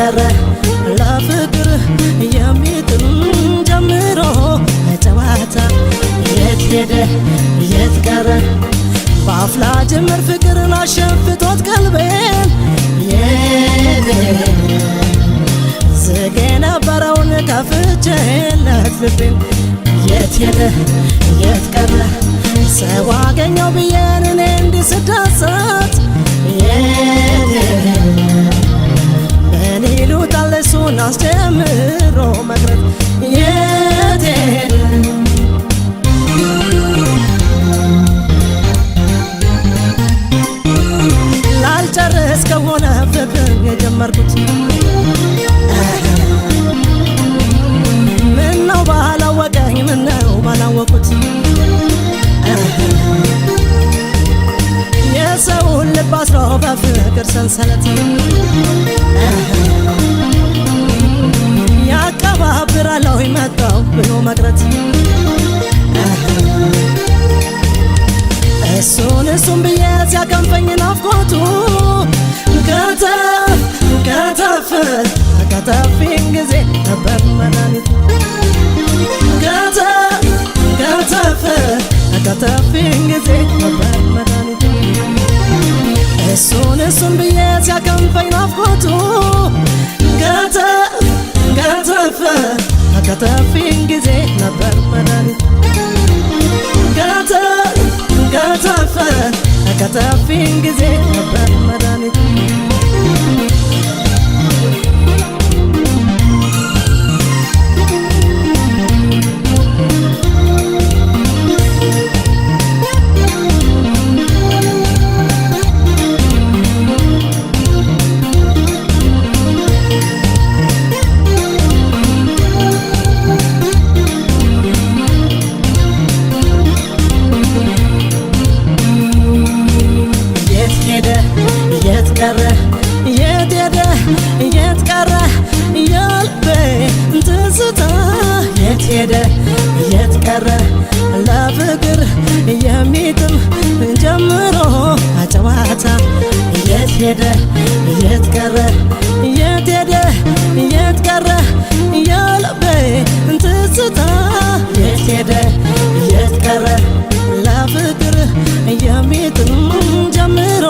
ቀረ ለፍቅር የሚጥል ጀምሮ ጨዋታ የት ሄደ የት ቀረ በአፍላ ጅምር ፍቅርን አሸፍቶት ቀልቤን ዝግ የነበረውን ከፍቼለት ልቤን የት ሄደ የት ቀረ ሰው አገኘው ብዬን እኔ እንዲስደሰት እውነቱን አስተምሮ መቅረት የት ላልጨርስ ከሆነ ፍቅር የጀመርኩት ምነው ባላወቀኝ ምነው ባላወቁት የሰውን ልብ አስሮ በፍቅር ሰንሰለት አብራላው መጣው ብሎ መቅረት እሱን እሱን ብዬ ሲያቀንፈኝ ናፍቆቱ ከተፍ ከተፍ ከተፊን ጊዜ ነበር መድኃኒቱ ከተፍ ከተፍ ከተፊን ጊዜ ነበር መድኃኒቱ እሱን እሱን ብዬ ሲያቀንፈኝ ናፍቆቱ ተከታፊን ጊዜ ነበር መዳን ጋታ ጋታፈ ተከታፊን ጊዜ ነበር መዳኒት ሄደ የት ቀረ ለፍቅር የሚጥል ጀምሮ አጨዋታ የት ሄደ የት ቀረ የት ሄደ የት ቀረ ትዝታ የት ሄደ የት ቀረ ለፍቅር ጀምሮ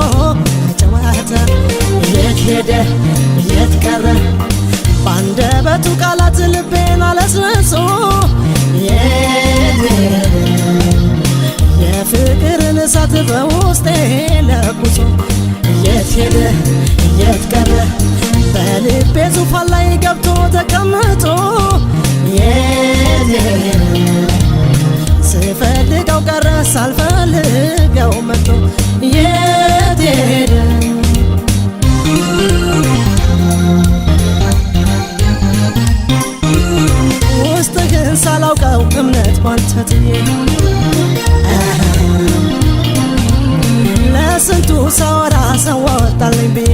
የት ሄደ የት ቀረ ባንደበቱ ቃላት ልቤን ዙፋን ላይ ገብቶ ተቀምጦ ስፈልገው ቀረ ሳልፈልገው መጥቶ የት ሄደ ውስጥ ግን ሳላውቀው እምነት ባንተትዬ ለስንቱ ሰወራ ሰዋወጣለኝ ብዬ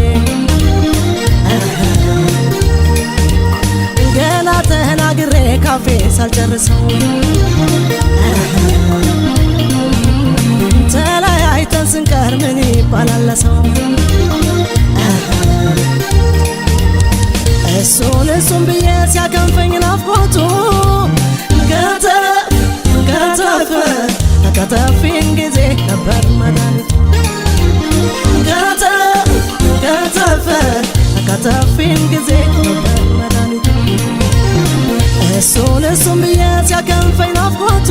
አፌ ሳልጨርሰው ተለያይተን ስንቀር ምን ይባላል ለሰው እሱን እሱን ብዬ ሲያከንፈኝ ናፍቆቱ ከተፍ ጊዜ ነበር መድኃኒቱ ከተፍ ከተፍ ጊዜ ነበር እሱን እሱን ብዬ ሲያከንፈኝ ናፍቆቱ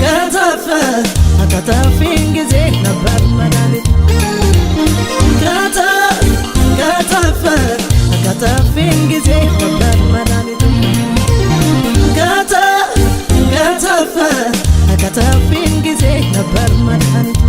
ከተፈ ከተፊን ጊዜ ነበር መድኃኒት ከተፈ ከተፊን ጊዜ ነበር መድኃኒት ከተፈ ከተፊን ጊዜ ነበር መድኃኒት